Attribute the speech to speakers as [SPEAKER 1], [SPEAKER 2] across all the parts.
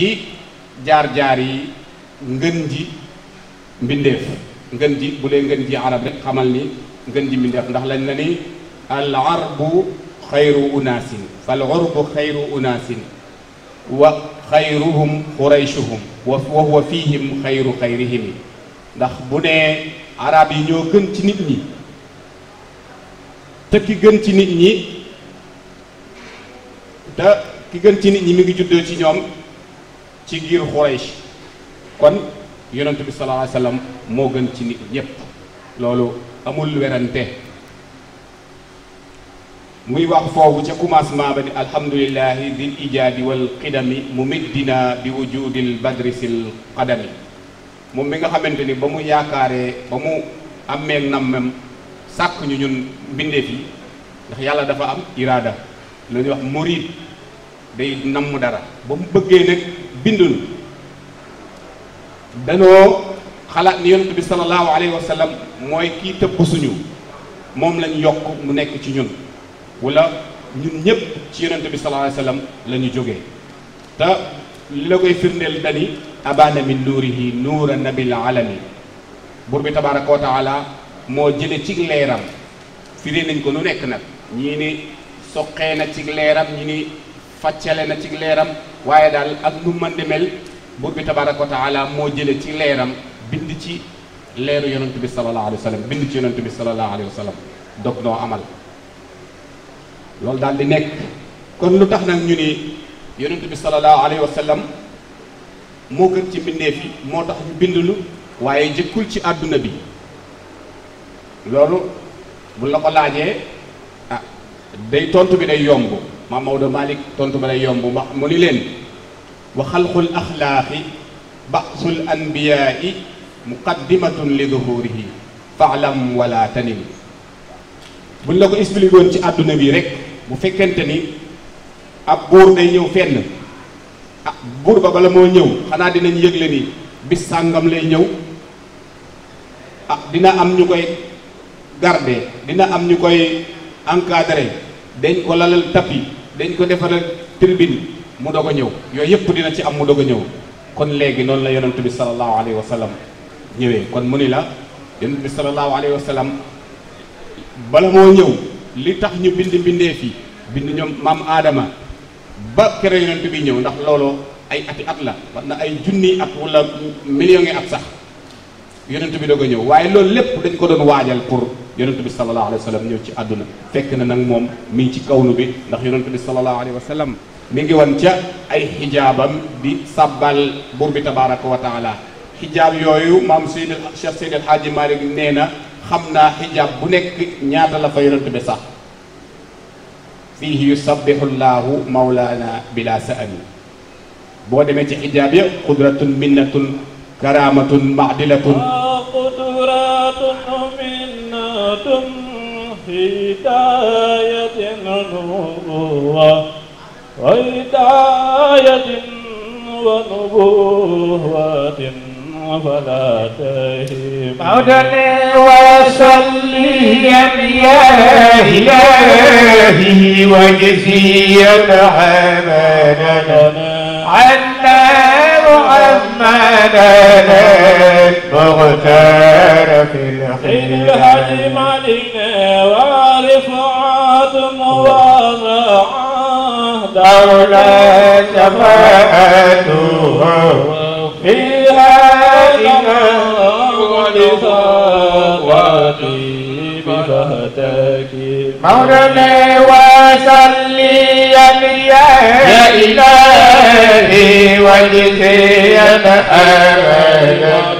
[SPEAKER 1] ci jaar-jaar yi ngën ji mbindeef ngën ji bu dee ngën ji arab rek xamal ni ngën ji mbindeef ndax lañ la ni al arbu xayru unaasin fal urbu xayru unaasin wa xayruhum xuraychuhum wa huwa fihim xayru xayrihim ndax bu nee arab yi ñoo gën ci nit ñi te ki gën ci nit ñi te ki gën ci nit ñi mi ngi juddoo ci ñoom ci giir Quraysh kon yonent bi sallallahu alayhi wa sallam moo gën ci nit ñépp loolu amul werante muy wax foofu ca commencement ba ni alhamdulillahi dil ijaadi wal qidami mu middina bi wujudil badri sil qadami moom bi nga xamante ni ba mu yaakaaree ba mu amee nammam sàkk ñu ñun mbindeef yi ndax yàlla dafa am iraada lu ñuy wax murid day namm dara ba mu bëggee nag bindunu danoo xalaat ni yonent bi sallallahu alayhi wa mooy kii tëbb suñu moom lañ yokk mu nekk ci ñun wala ñun ñëpp ci yonent bi sallallahu alayhi wa sallam la te li la koy firndeel dani abana min nuurihi nuura nabil alami buur bi tabaraka wa moo jële ci leeram firee nañ ko nu nekk nag ñii ni soqee na ci leeram ñi ni fàccale na ci leeram waaye daal ak lu mën di mel buur bi tabaraka wa taala moo jële ci leeram bind ci leeru yonent bi sallallahu alayhi wa sallam bind ci yonent bi sallallahu alayhi wa dog noo amal loolu daal di nekk kon lu tax nag ñu ni yonent bi sallallahu alayhi wa moo gën ci mbindeef yi moo tax ñu waaye jëkkul ci àdduna bi loolu bu la ko laajee ah day tontu bi day yomb maam Maodo Malick tontu ba lay yomb wax mu ni leen wa xalqul axlaaqi ba'sul anbiyaa'i muqaddimatun li duhurihi fa'lam wala tanim buñ la ko expliqué woon ci àdduna bi rek bu fekkente ni ab buur day ñëw fenn ah buur ba bala moo ñëw xanaa dinañ yëgle ni bis sàngam lay ñëw ah dina am ñu koy garder dina am ñu koy encadrer dañ ko lalal tapis dañ ko defaral tribune mu doog ñëw yooyu yëpp dina ci am mu doog a ñëw kon léegi noonu la yonent bi sallallahu alayhi wa ñëwee kon mu ni la yonent bi sallallahu alayhi wa sallam moo ñëw li tax ñu bind bindee fi bind ñoom maam aadama ba kere yonent bi ñëw ndax looloo ay ati at la war na ay junni at wala million yi at sax yonent bi doog a ñëw waaye loolu lépp dañ ko doon waajal pour yonent bi sallallahu alayhi wa sallam ñëw ci àdduna fekk na nag moom mi ngi ci kawnu bi ndax yonent bi sallallahu alayhi wa sallam mi ngi woon ca ay xijaabam di sabbal buur bi tabaraka wa taala xijaab yooyu maam Seydi Cheikh Seydi El Hadji Malick nee na xam naa xijaab bu nekk ñaata la fa yonent bi sax fiihi yusabbihu llaahu mawlaana bila sa'ami boo demee ci xijaab ya qudratun minnatun karaamatun maadilatun نعمة في هداية ونبوة وهداية ونبوة فلا تهم عدل وصلي يا إلهي وجزية حمدنا عنا محمدنا والخير في الحلم علينا ورفعت مواضع دولة شفاعته فيها إنا ولفاوتي بفتاك مولانا وصلي يا إلهي واجزي أنا أمانك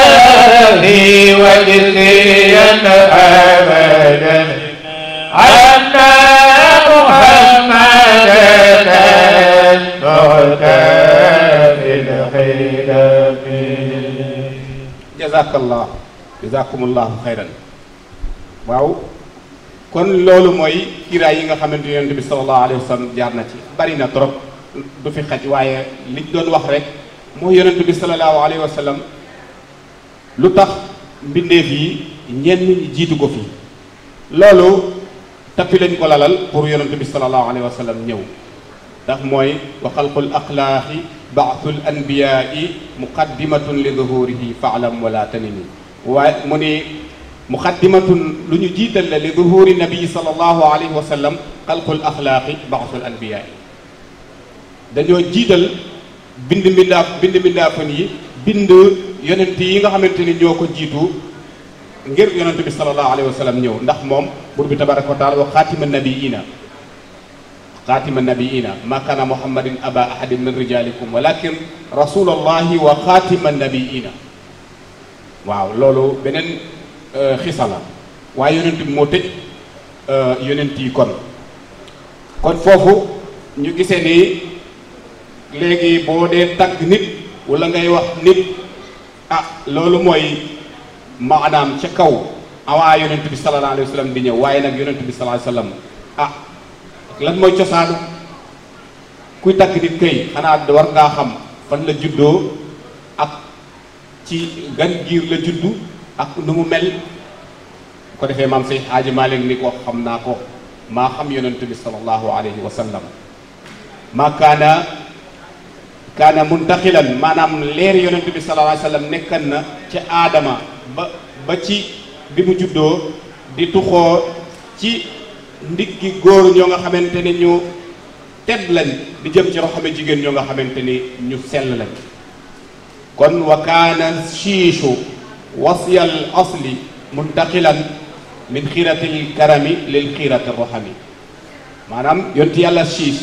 [SPEAKER 1] لي وجزي أبدا أن محمدا المعتدل الخلاف جزاك الله جزاكم الله خيرا waaw kon loolu mooy kiiraay yi nga xamante ne yonent bi sallallahu alayhi wa sallam jaar na ci bari na trop du fi xaj waaye liñ doon wax rek mooy yonent bi sallallahu alayhi wa sallam lu tax mbindeef yi ñenn ñi jiitu ko fi loolu tappi lañ ko lalal pour yonente bi salallahu alayhi wa sallam ñëw ndax mooy wa xalqul axlaaqi baatul anbiyaai muqaddimatun lu ñu jiital la li zuhuri nabii salallahu alayhi wa sallam yi bind yonent yi nga xamante ni ñoo ko jiitu ngir yonent bi sallallahu alayhi wa sallam ñëw ndax moom bur bi tabaraka wa taala wa xaatima nabiina xaatima nabiina ma kaana muhammadin aba ahadin min rijalikum walakin rasulallahi wa xaatima nabiina waaw loolu beneen euh, xisa la waaye yonent bi moo tëj euh, yonent yi kon kon foofu ñu gisee ni léegi boo dee tagg nit wala ngay wax nit ah loolu mooy maanaam ca kaw awaa ah, yonent bi sallallahu alayhi wa sallam di ñëw waaye nag yonent bi sallallahu alayhi wa sallam ah lan mooy cosaanu kuy takk nit kay xanaa war ngaa xam fan la juddoo ak ci gan giir la juddu ak nu mu mel ko defee maam say xaaji Maalik ni xam naa ko maa xam yonent bi sallallahu alayhi maa kaana kaana muntaxilan maanaam leer yonent bi sallallahu alayhi wa sallam na ca aadama ba ba ci bi mu juddoo di tuxoo ci ndiggi góor ñoo nga xamante ne ñu tedd lañ di jëm jigéen ñoo nga xamante ni ñu sell lañ kon wa kaana shiishu wasiyal asli muntaxilan min xiiratil karami lil xiirati roxami maanaam yonti yàlla siis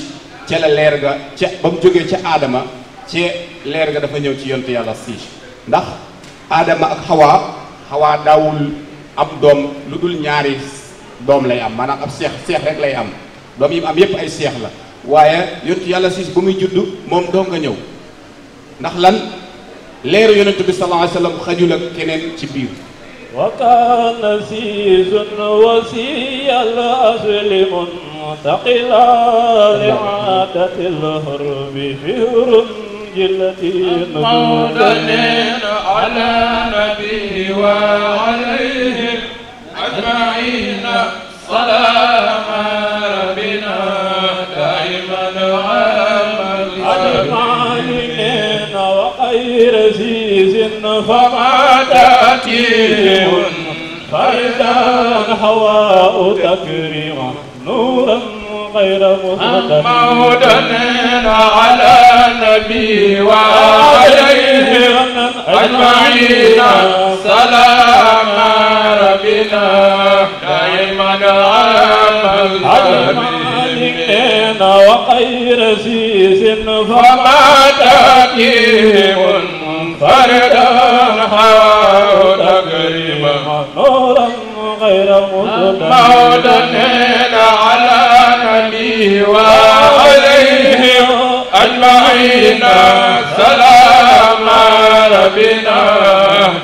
[SPEAKER 1] ca leer ga ca ba mu jógee ca aadama ci leer nga dafa ñëw ci yontu yàlla si ndax aadama ak xawaa xawaa daawul am doom lu dul ñaari doom lay am maanaam ab seex seex rek lay am doom yi am yépp ay seex la waaye yontu yàlla siis bu muy judd moom doom nga ñëw ndax lan leeru yonentu bi sallallahu alayhi xajul ak keneen ci biir wa kaana siisun wasiyal asli muntaqilan li aadatil hurbi fi hurmi جلتي مولى على نبيه وعليهم أجمعين سلام ربنا دائما أجمعين وخير زيز فما تأتيهم فردا هواء تكرم نورا خير مصطفى مودنا على النبي وعليه أجمعين سلام ربنا دائما عاملنا وخير سيس فما تكيم فردا حول تكريما نورا غير مصطفى مودنا علينا سلام ربنا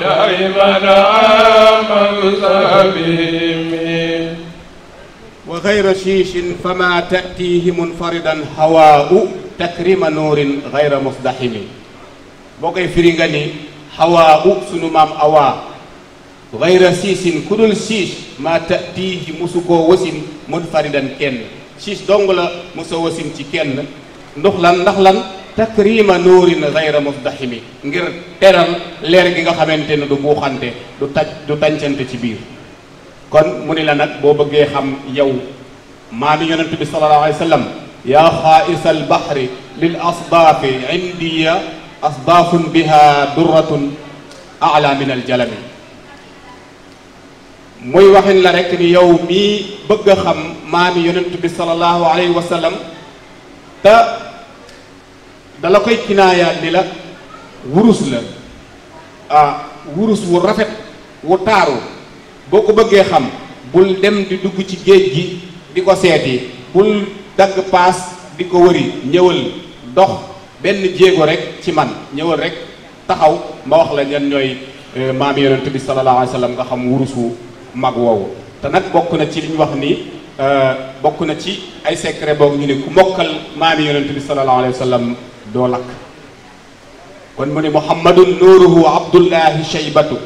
[SPEAKER 1] دائما منصبهم وغير شيش فما تأتيه منفردا هواء تكريم نور غير مصدحم u sunu maam awaa xayra siisin ku siis maa tatiihi mosu koo kenn siis dong la ci kenn ndox lan takrima nuurin gayra mufdaximi ngir teral leer gi nga xamante ne du buuxante du taj ci biir kon mu ni la nag boo bëggee xam yow maa mi yonent wa sallam yaa xaaisa albahri lil asdaafi indiya asdaafun biha durratun ala min aljalami muy waxin la rek ni yow mii bëgg a xam maa mi yonent bi sallallahu alayhi wa sallam te dala koy kinaayaat ni la wurus la ah wurus wu rafet wu taaru boo ko bëggee xam bul dem di dugg ci géej gi di ko seeti bul dagg paas di ko wëri ñëwal dox benn jéego rek ci man ñëwal rek taxaw ma wax la ñan ñooy euh, maam yonent bi sallallahu alayhi wa sallam nga xam wu mag woowu te nag bokk na ci li ñu wax ni euh, bokk na ci ay secret boog ñu ne ku mokkal maam yonent bi sallallahu alayhi wa sallam doo lakk kon mu ne muhammadun nuuruhu wa abdullahi shaybatu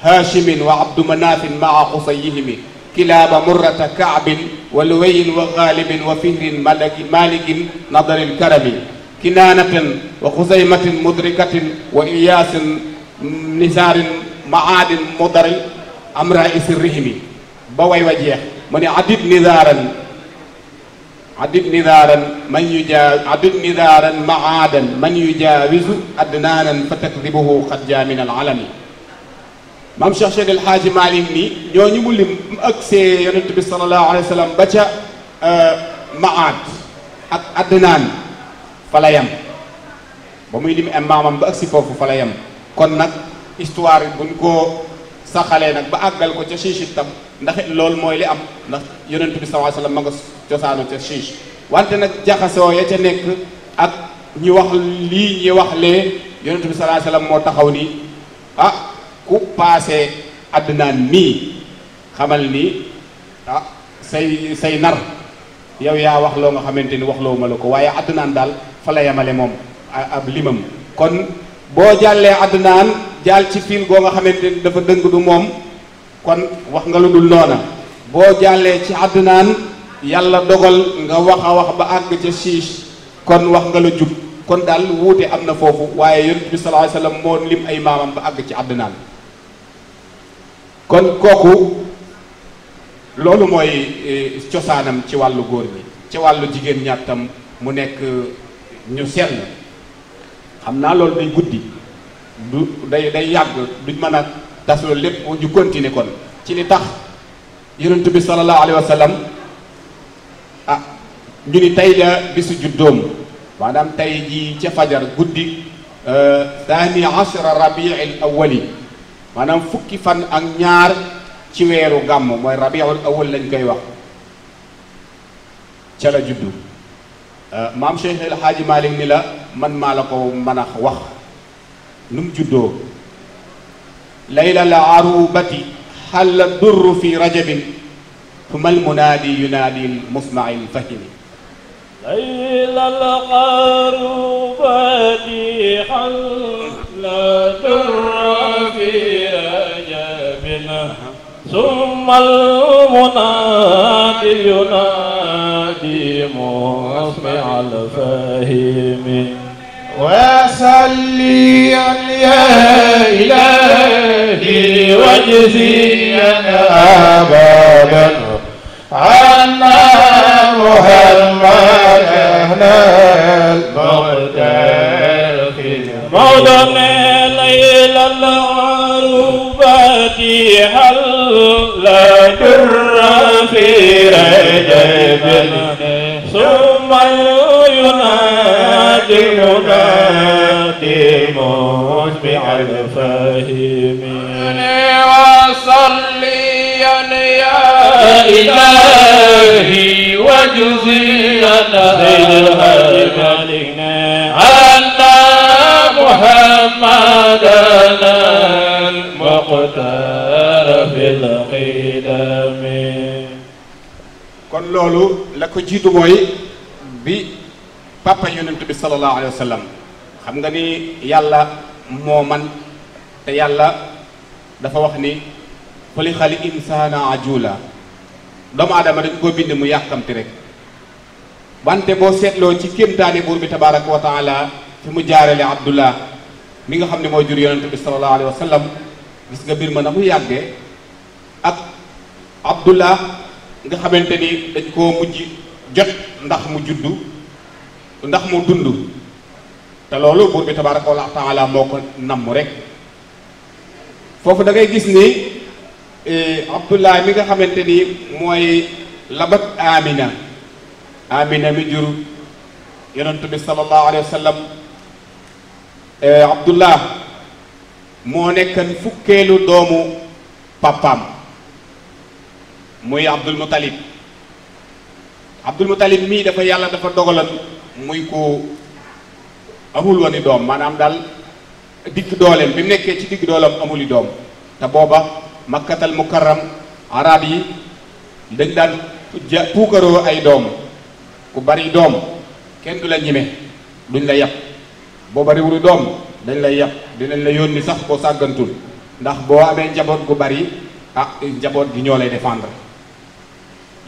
[SPEAKER 1] haashimin wa abdu manaafin maa xusayihimi kilaaba murrata kaabin wa luwayin wa gaalibin wa fihrin malaki malikin nadaril karami kinaanatin wa xusaymatin mudrikatin wa iyaasin nisaarin maadin mudari amra isirrihimi ba way wa jeex mu ne adib nisaaran adid nidaaran man yujaa adid nidaaran maadan man yujaawisu adnaanan fa takdibuhu xat jaa min al alami maam Cheikh Seydil Xaaji Maalik ni ñooñu mu lim ak see yonent bi sallallahu alayhi wa sallam ba ca euh, maad ak adnaan fa la yem ba muy lim am maamam ba agsi foofu kon nag histoire buñ ko saxalee nag ba àggal ko ca chichitam ndax loolu mooy li am ndax yonent bi sallallahu ma nga cosaanu ca Chine wante nag jaxasoo ya ca nekk ak ñi wax lii ñi wax lee yonent bi sallallahu moo taxaw nii ah ku paase Adnaan mii xamal ni ah say say nar yow yaa wax loo nga xamante ni wax loo ma la ko waaye Adnaan daal fa la yemale moom ab limam kon boo jàllee Adnaan jàll ci fiil goo nga xamante ni dafa dëng du moom kon wax nga lu dul noona boo jàllee ci àddinaan yàlla dogal nga wax wax ba àgg ca siis kon wax nga la jub kon daal wuute am na foofu waaye yonent bi sallallahu alayhi wasallam moo lim ay maamam ba àgg ci àddinaan kon kooku loolu mooy eh, cosaanam ci wàllu góor ñi ci wàllu jigéen ñàttam mu nekk ñu seetlu xam naa loolu day guddi du day day yàgg duñ mën a tas loolu lépp ñu continuer kon ci li tax yonent bi sallallahu alayhi wa sallam ah, ñu ni tey la bisu juddoom maanaam tey jii ca fajar guddi euh, thani ashara rabiil awali maanaam fukki fan ak ñaar ci weeru gàmm mooy rabiul awal lañ koy wax ca la juddu euh, maam Cheikh El Hadji Malick ni la man maa la ko mën a wax nu mu juddoo layla la arubati xalla durru fi rajabin ثم المنادي ينادي المسمع الفهم ليل القربة حل در في رجب ثم المنادي ينادي مسمع الفهم وصلي يا إلهي واجزيا أبدا عنا محمد أهنا المغتاقين
[SPEAKER 2] موضعنا
[SPEAKER 1] ليلة العروبة هل لا تر في رجب ثم ينادي العجب على الفاهمين وصليا يا إلهي واجزينا بالهمالنا أن محمدنا المختار في القدم kon loolu la ko jiitu mooy bi papa yonent bi sallallahu alayhi wa sallam xam nga ni yàlla moo man te yàlla dafa wax ni xuli xali insaana ajula doomu aadama dañ koo bind mu yàkkamti rek wante boo seetloo ci kéemtaani buur bi tabaraka wa fi mu jaarale abdullah mi nga xam ne mooy jur yonente bi salallahu alayhi wa gis nga biir ma na mu yàggee ak abdullah nga xamante ni dañ koo mujj jot ndax mu juddu ndax mu dund te loolu buur bi tabaaraka wa taala moo ko namm rek foofu dangay gis ni eh, Abdullah mi nga xamante ni mooy labat Amina Amina mi jur yonent bi sallallahu alayhi wa sallam eh, Abdullah moo nekkan fukkeelu doomu papaam muy Abdul Muttalib Abdul Muttalib mii dafa yàlla dafa dogalan muy ko amul woon i doom maanaam daal digg dooleem bi mu nekkee ci digg dooleem amul i doom te booba ma makkatal mukarram arab yi dañ daan ja puukaroo ay doom ku bari doom kenn du la ñime duñ la yàpp boo bariwul doom dañ lay yàpp dinañ la yónni sax koo sàggantul ndax boo amee njaboot gu bari ah njaboot gi ñoo lay défendre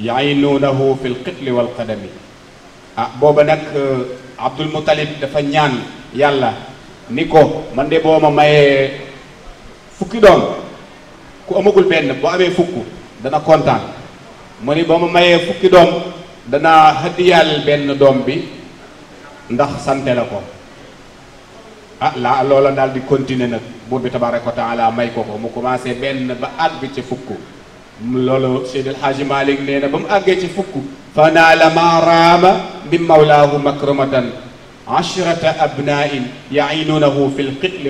[SPEAKER 1] yainuunahu fi lqitli walqadami ah booba nag euh, abdul muttalib dafa ñaan yàlla ni ko man de boo ma mayee fukki doom ku amagul benn boo amee fukk dana kontaan mu ni boo ma mayee fukki doom danaa hadiyaal benn doom bi ndax sante la ko ah laa loola daal di continuer nag buur bi tabaaraka wa taala may ko ko mu commencé benn ba at bi ci fukk loolu Seydi El Hadji nee na ba mu àggee ci fukk fa naa la ma raama min mawlaahu makramatan ashrata abnain yainunahu fi lqitli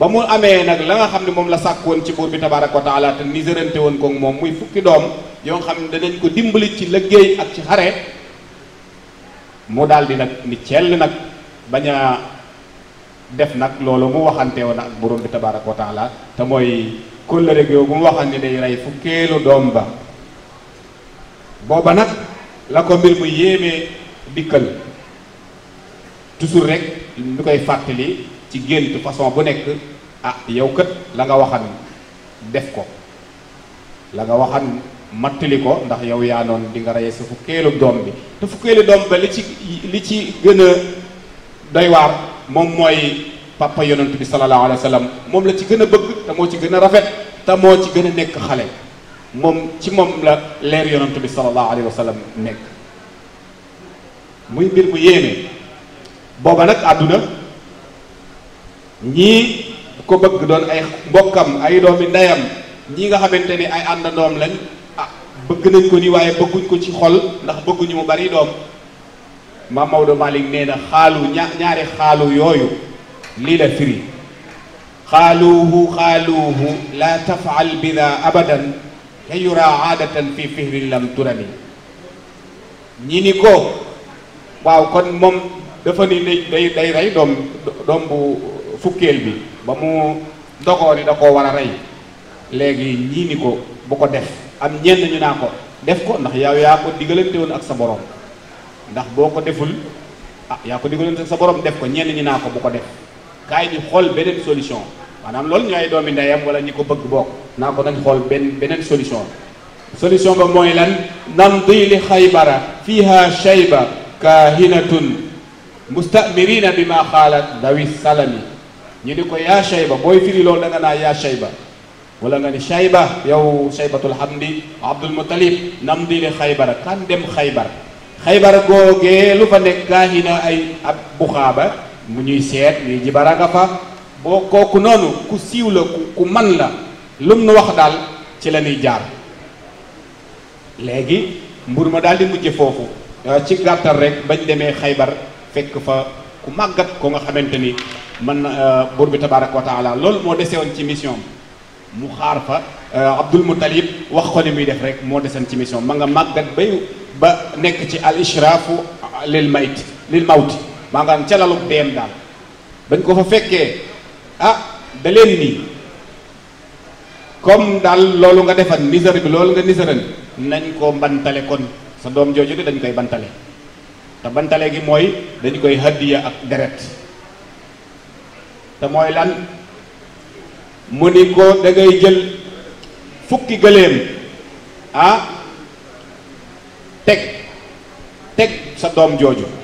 [SPEAKER 1] mu amee nag la nga xam ne moom la sàkk woon ci buur bi tabaraka wa taala te niserante woon ko moom muy fukki doom yoo xam ne danañ ko dimbali ci liggéey ak ci xare mu daal di nag ni cell nag bañ def nag loolu mu waxante woon ak buur bi tabaraka wa taala te mooy kóllëre googu mu waxoon ne day rey fukkeelu doom ba booba nag la ko mbir mu yéemee dikkal toujours rek lu koy fàttali ci gént pason bu nekk ah yow kat la nga waxan def ko la nga waxan mattali ko ndax yow yaa noon dinga nga reye sa fukkeelu doom bi te fukkeelu doom ba li ci li ci gën a doy waar moom mooy papa yonent bi sallallahu alayhi wa sallam moom la ci gën a bëgg te moo ci gën a rafet te moo ci gën a nekk xale moom ci moom la leer yonent bi sallallahu alayhi wa sallam nekk muy mbir mu yéeme booba nag àdduna ñii ko bëgg doon ay mbokkam ay doomi ndeyam ñii nga xamante ni ay àndandoom lañ a ah, bëgg nañ ko ni waaye bëgguñ ko ci xol ndax bëgguñu mu bari doom Maam Maodo Malick nee na xaalu ñaari xaalu yooyu lii la firi xaaluuhu xaaluuhu laa tafaal bida abadan te yuraa aadatan fi fihrin lam turani ñi ko waaw kon moom dafa ni day day rey doom doom bu fukkeel bi ba mu dogoo ni da koo war a rey léegi ñii ni ko bu ko def am ñenn ñu naa ko def ko ndax yow yaa ko digalante ak sa borom ndax boo ko deful ah yaa ko digalante ak sa borom def ko ñenn ñu naa ko bu ko def kaay ñu xool beneen solution maanaam loolu ñooy doomi ndeyam wala ñi ko bëgg bokk naa ko nañ xool benn beneen solution solution ba mooy lan namdi li xaybara fiha shayba kaahinatun mustamirina bi ma xaalat dawi salami ñu di ko yaa shayba booy firi loolu da nga naa yaa shayba wala nga ni shayba yow shaybatul hamdi abdul muttalib namdi li xaybara kan dem xaybar xaybar googee lu fa nekk kaahina ay ab buxaaba mu ñuy seet ñuy jibara nga fa boo kooku noonu ku siiw la ku ku man la lum nu wax daal ci la jaar léegi mbur ma daal di mujje foofu euh, ci gàttal rek bañ demee xaybar fekk fa ku màggat ko nga xamante ni man euh, buur bi tabaaraka wa lool moo desee woon ci mission mu xaar fa euh, Abdul Muttalib wax ko li muy def rek moo desoon ci mission ma nga màggat ba ba nekk ci al ishraafu lil mayt lil mawti maa ngaan ca lalub deem daal bañ ko fa fekkee ah da leen nii comme daal loolu nga defan nisar bi loolu nga nisaran nañ ko bantale kon sa doom jooju de dañ koy bantale te bantale gi mooy dañ koy hadiya ak deret te mooy lan mu ni ko dangay jël fukki gëléem ah teg teg sa doom jooju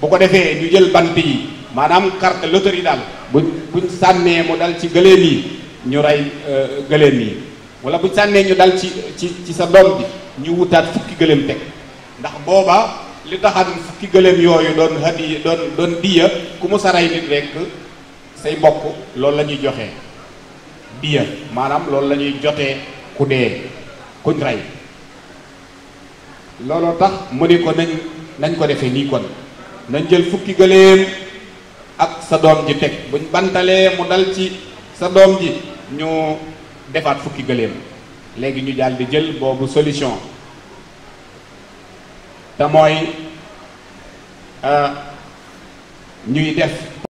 [SPEAKER 1] bu ko defee ñu jël bant yi maanaam carte yi daal buñ buñ sànnee mu dal ci gëléem yi ñu rey euh, gëléem yi wala buñ sànnee ñu dal ci ci ci sa doom bi ñu wutaat fukki gëléem teg ndax booba li taxan fukki gëléem yooyu doon hadiya doon doon diya ku mu saray nit rekk say mbokk loolu lañuy ñuy joxee diya maanaam loolu la ñuy jotee ku dee kuñ rey looloo tax mu ne ko nañ nañ ko defee nii kon nañ jël fukki gëléem ak sa doom ji teg buñ bantalee mu dal ci sa doom ji ñu defaat fukki gëléem léegi ñu daal di jël boobu solution te mooy euh, ñuy def